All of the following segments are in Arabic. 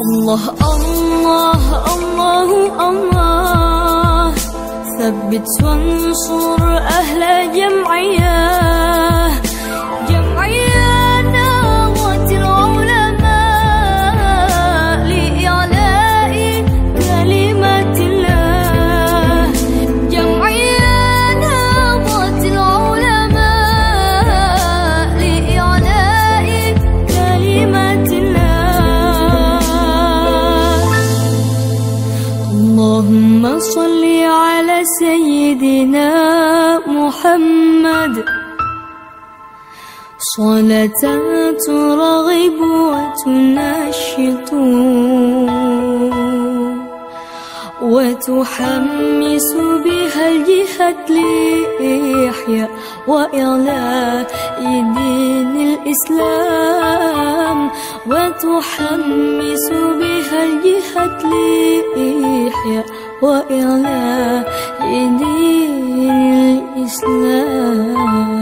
الله الله الله الله ثبت وانصر أهل جمعيات صلاة ترغب وتنشط وتحمس بها الجهد لإحياء وإعلاء دين الإسلام وتحمس بها الجهد لإحياء وإعلاء دين الإسلام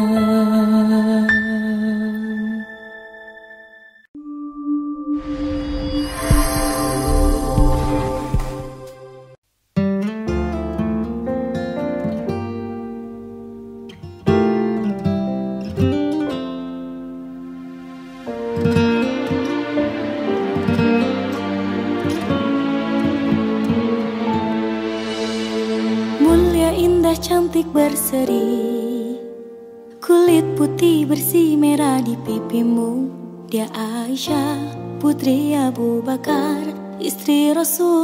pero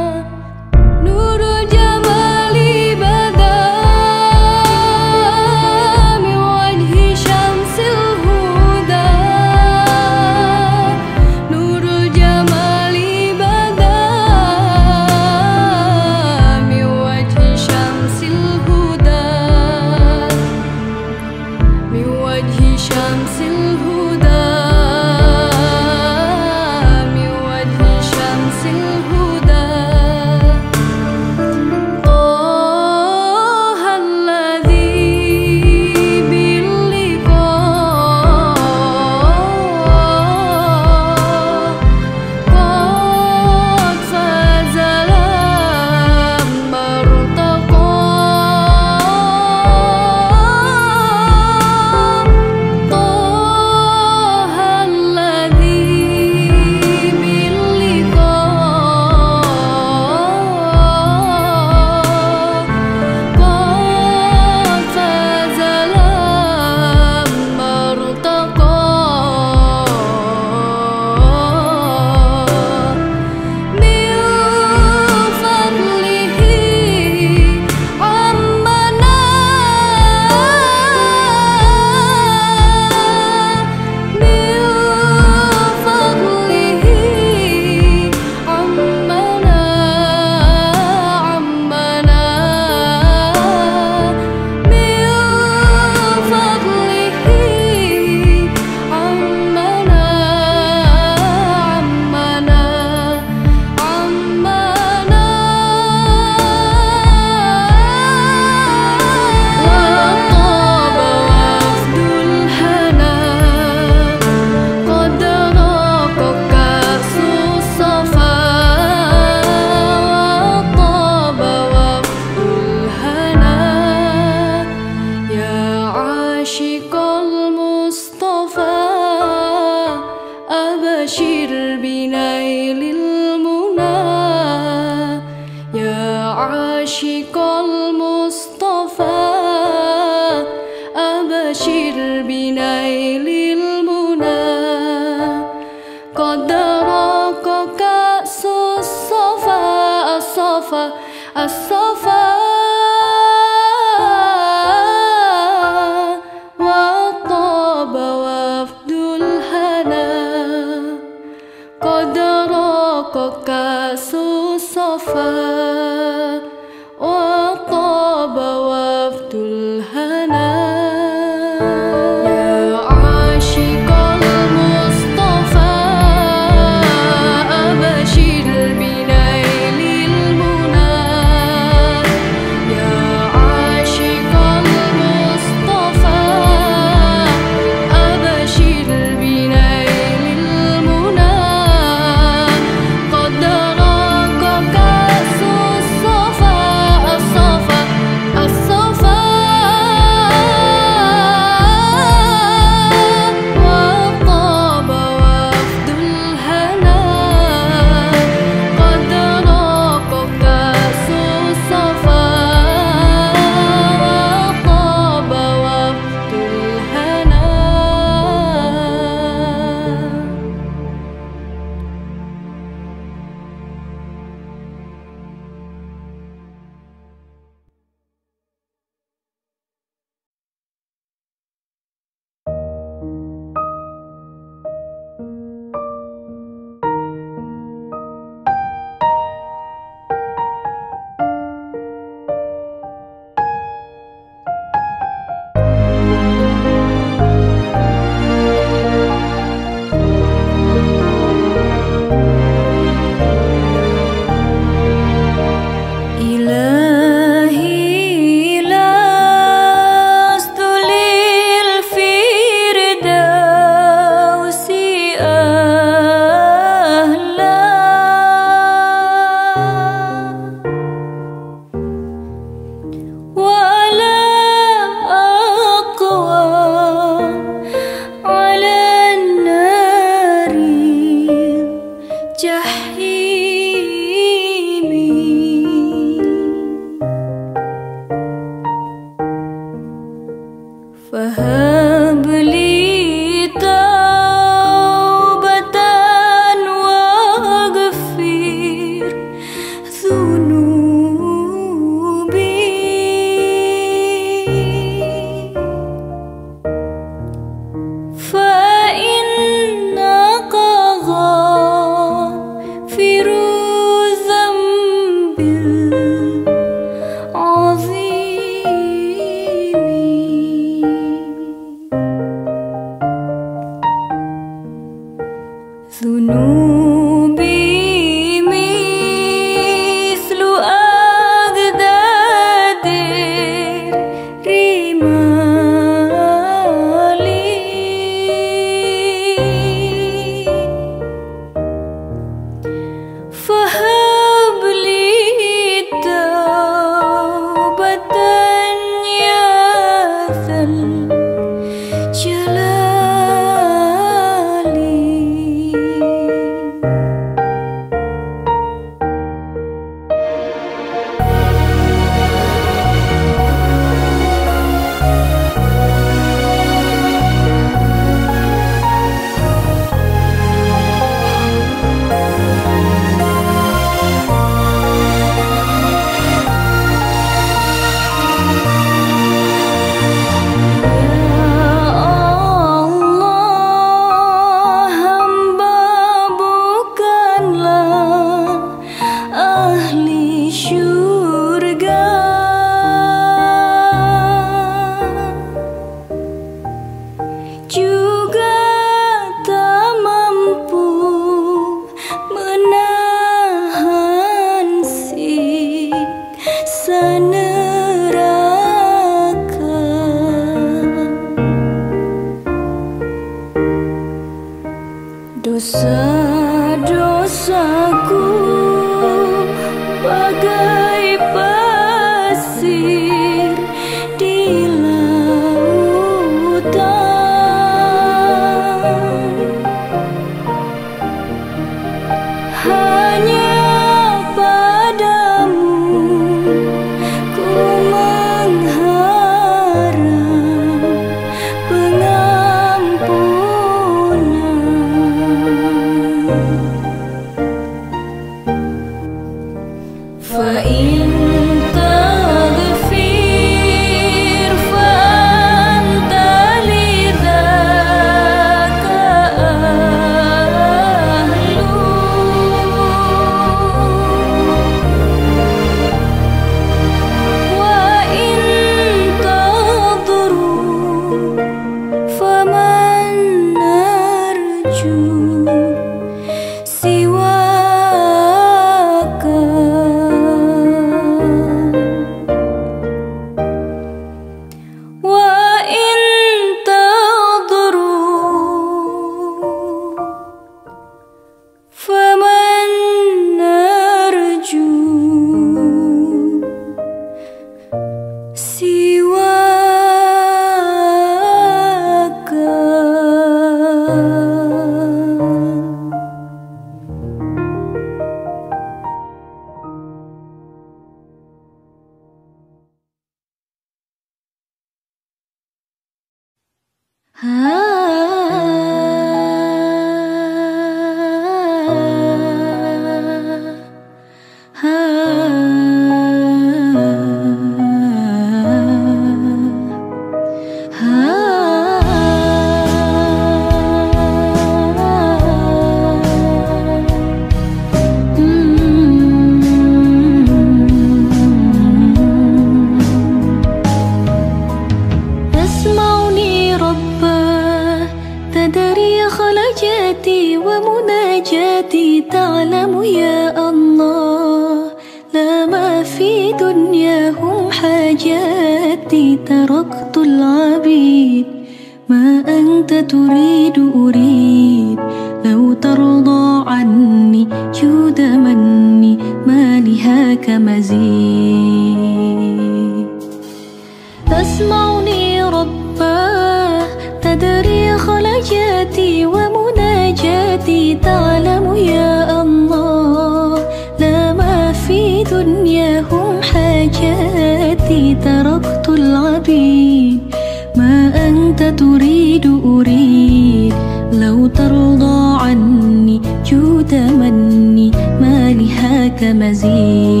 لك مزيد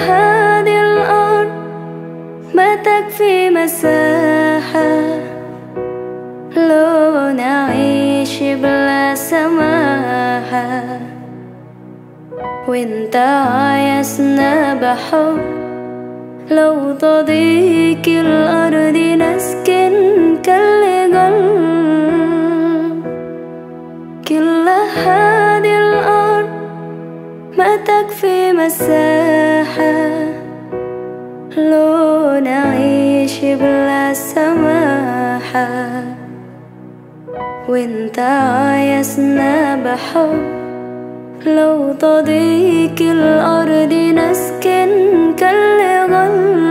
هذه الأرض ما تكفي مساحة لو نعيش بلا سماحة وانت عايزنا بحب لو تضيق الأرض في مساحة لو نعيش بلا سماحة وانت عايزنا بحب لو تضيك الأرض نسكن كل غلط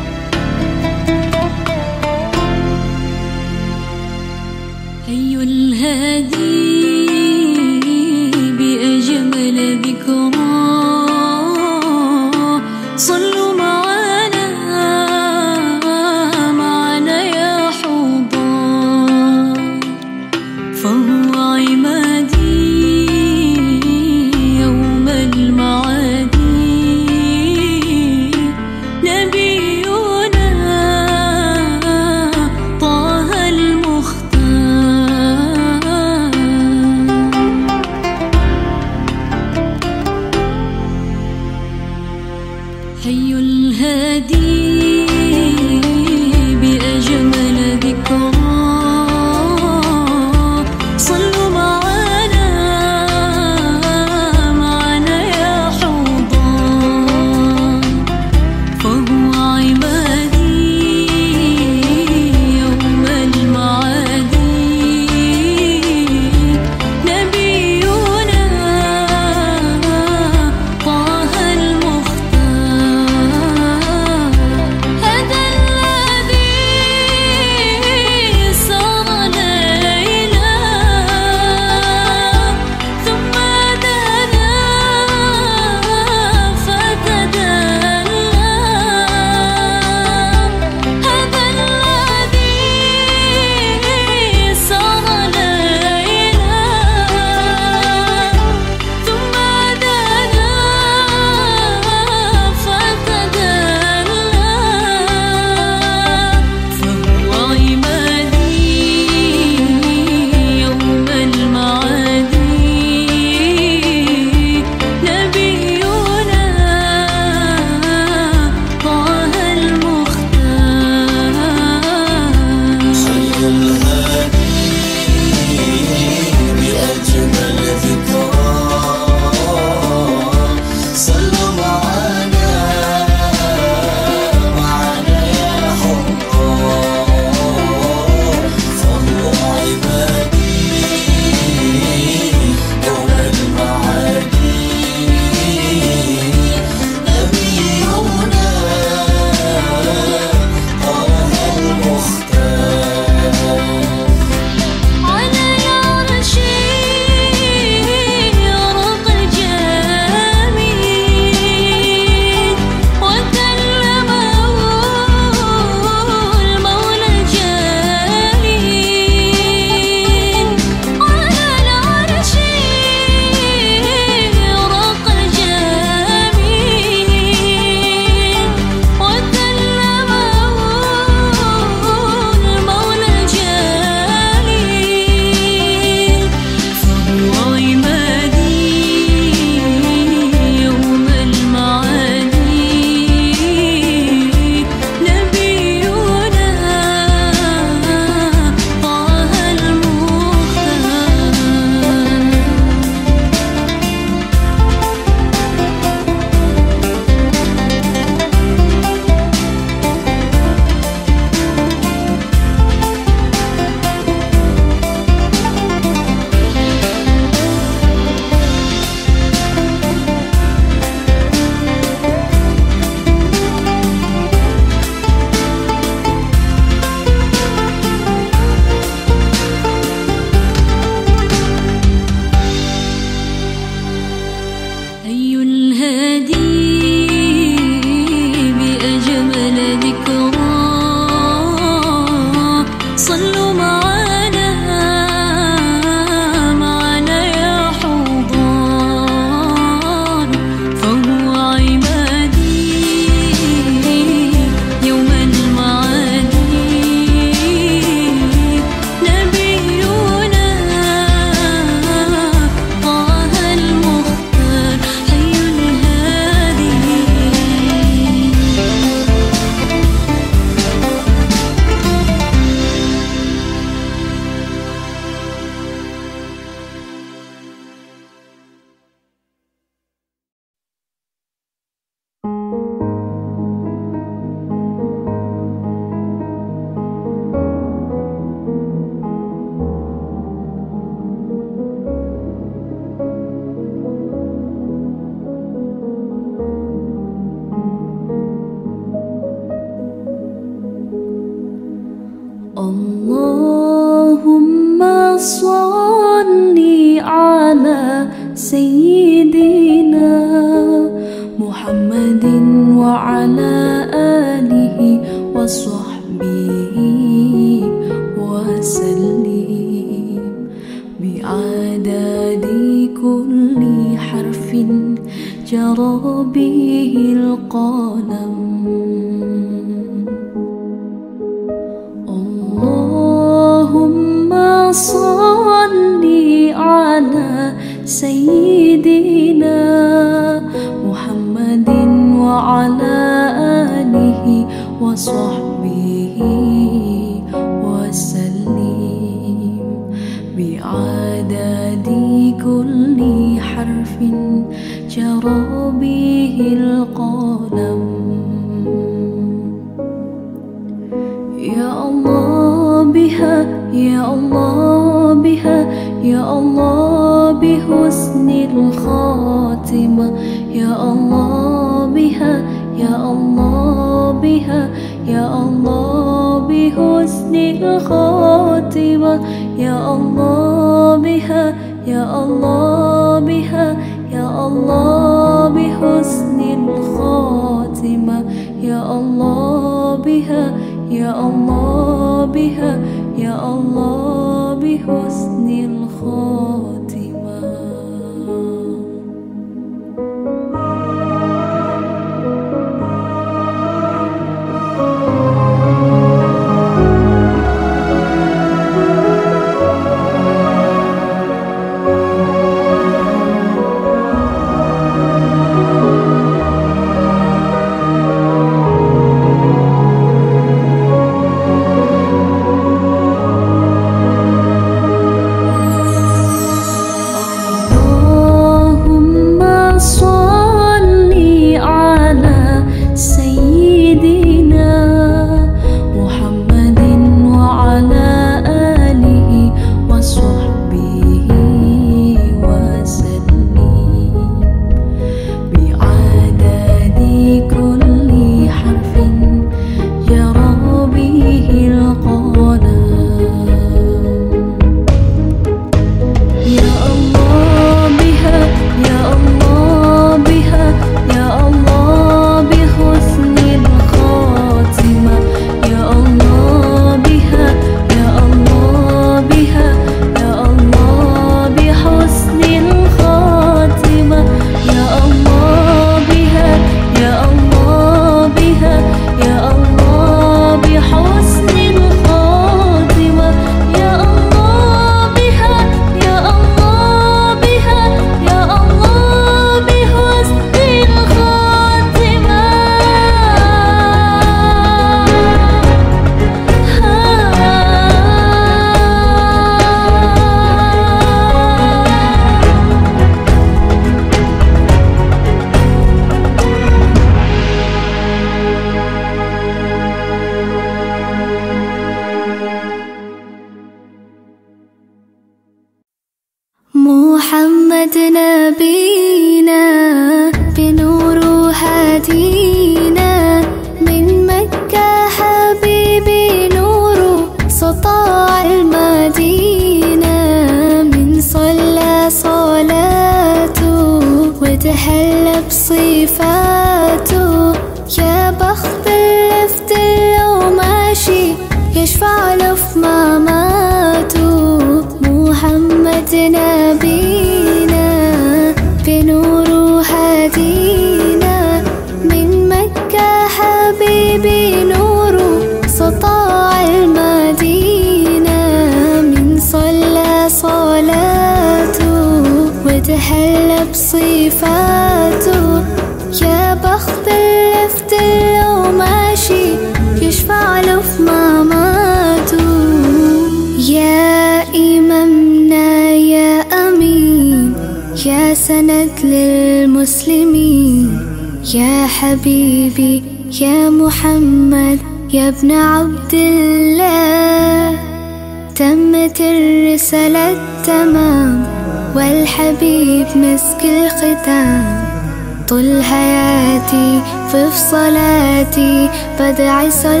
the eyes on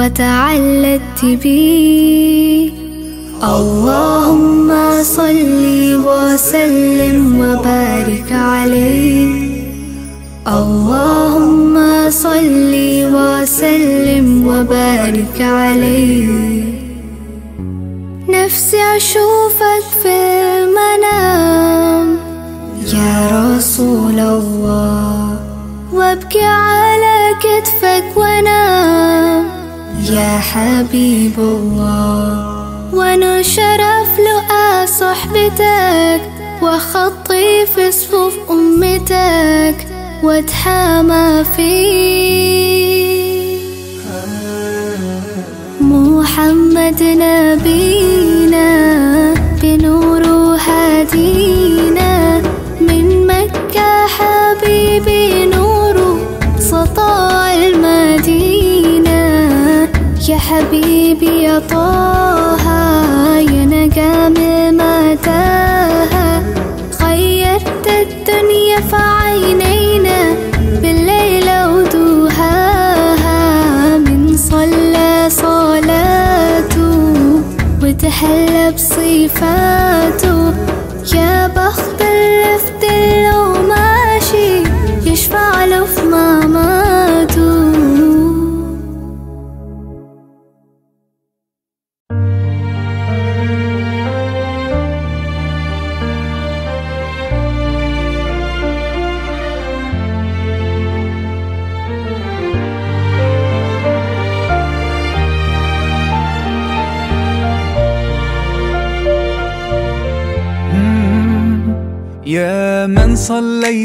وتعلت بي فتحة ما في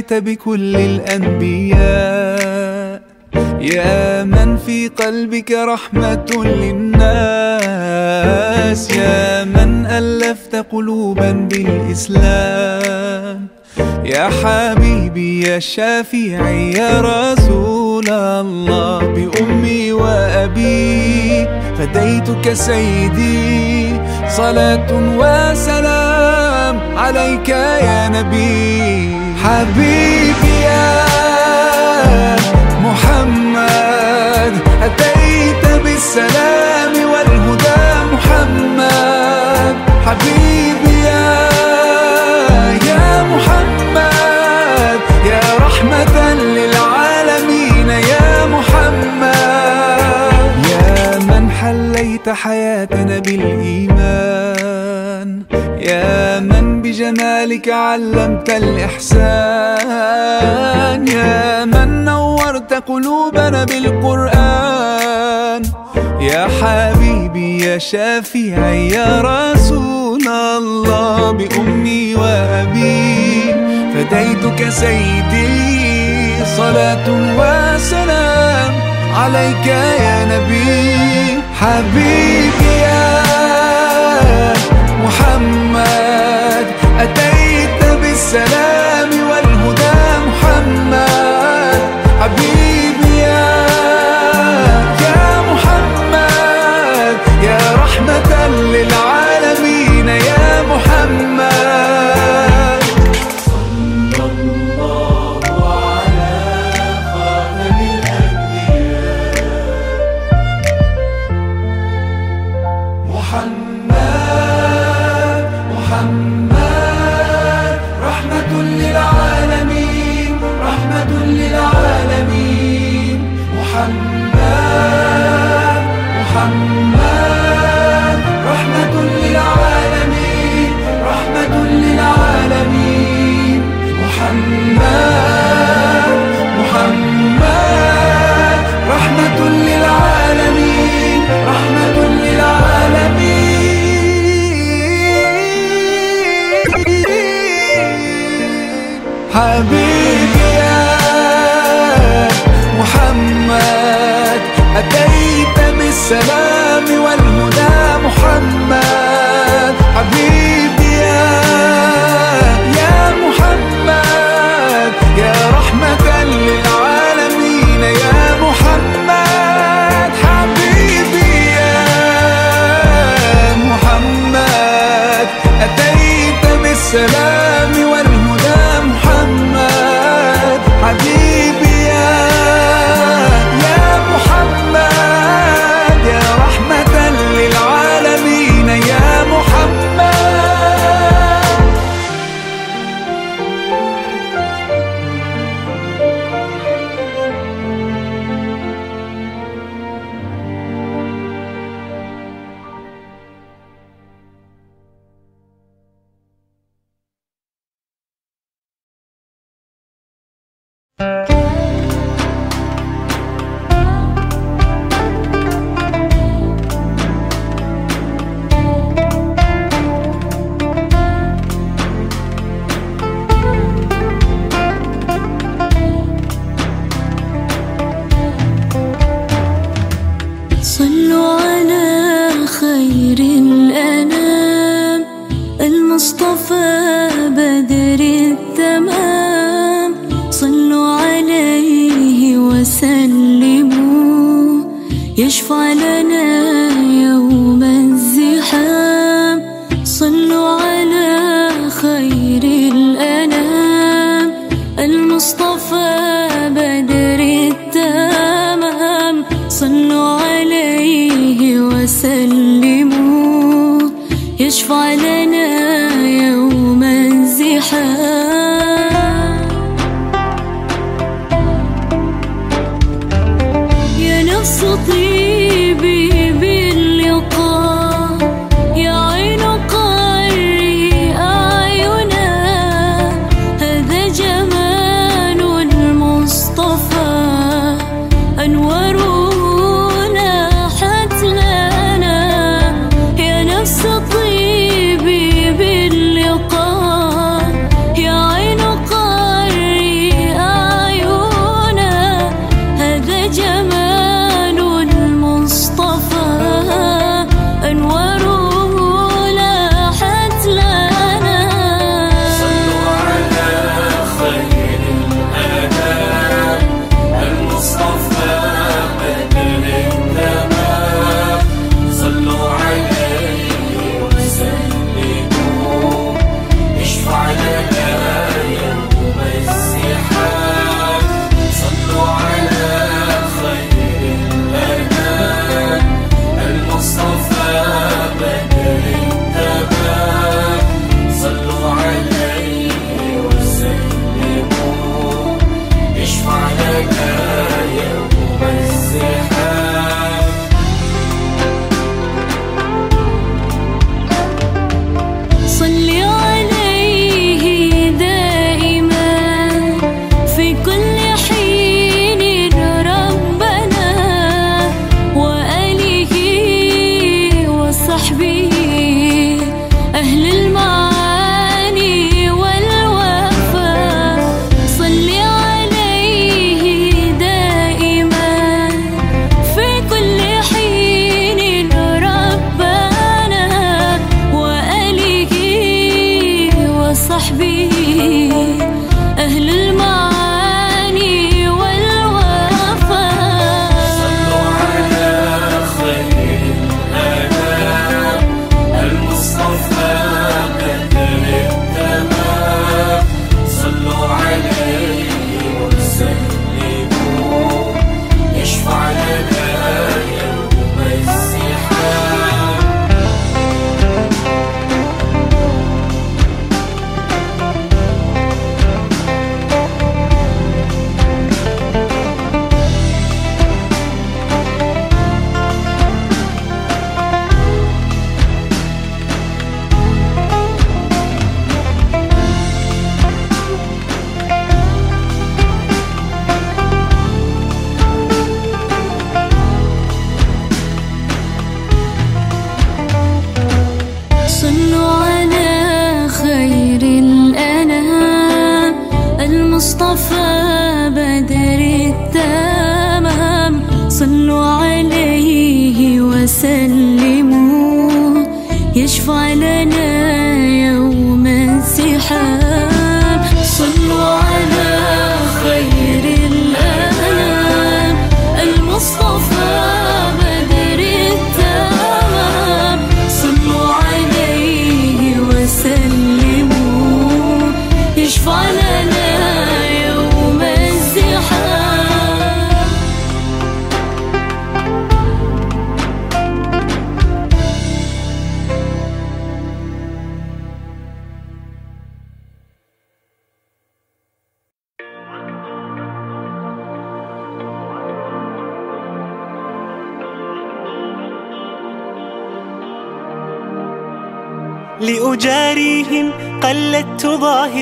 أتيت بكل الأنبياء يا من في قلبك رحمة للناس يا من ألفت قلوبا بالإسلام يا حبيبي يا شافعي يا رسول الله بأمي وأبي فديتك سيدي صلاة وسلام عليك يا نبي حبيبي يا محمد أتيت بالسلام والهدى محمد حبيبي يا يا محمد يا رحمة للعالمين يا محمد يا من حليت حياتنا بالإيمان يا من بجمالك علمت الإحسان يا من نورت قلوبنا بالقرآن يا حبيبي يا شافعي يا رسول الله بأمي وأبي فديتك سيدي صلاة وسلام عليك يا نبي حبيبي يا محمد أتيت بالسلام والهدى محمد حبيبي حبيبي يا محمد أتيت بالسلام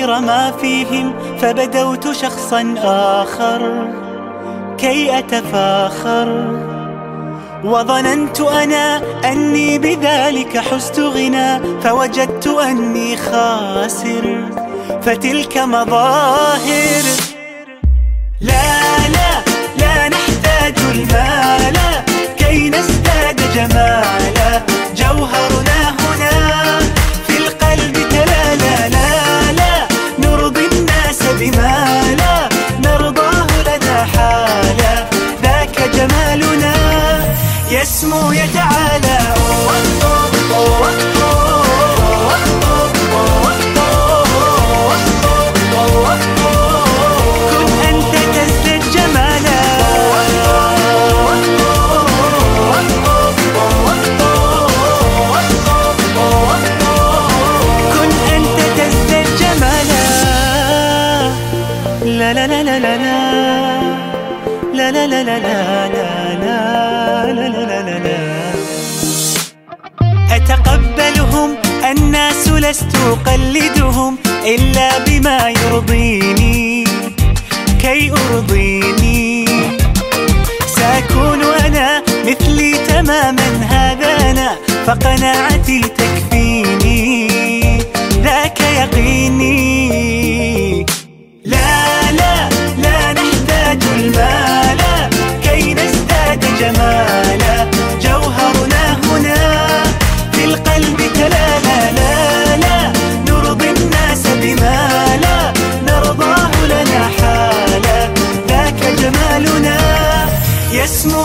خير ما فيهم فبدوت شخصا آخر كي أتفاخر وظننت أنا أني بذلك حزت غنى فوجدت أني خاسر فتلك مظاهر لا لا لا نحتاج المال كي نزداد جمالا moje ďal أرضيني كي أرضيني سأكون أنا مثلي تماما هذا أنا فقناعتي تكفيني ذاك يقيني smoke.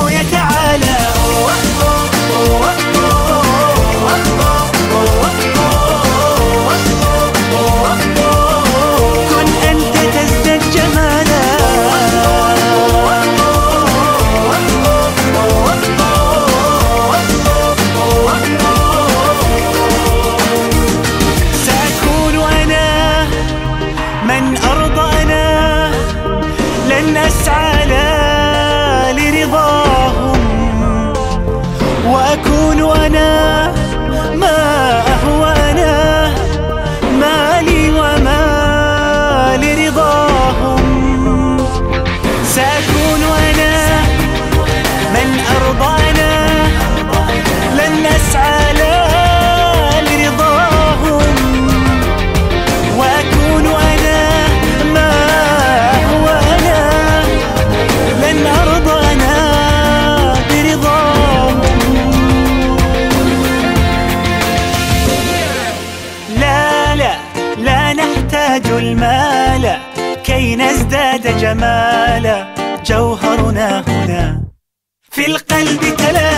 قلبي كلام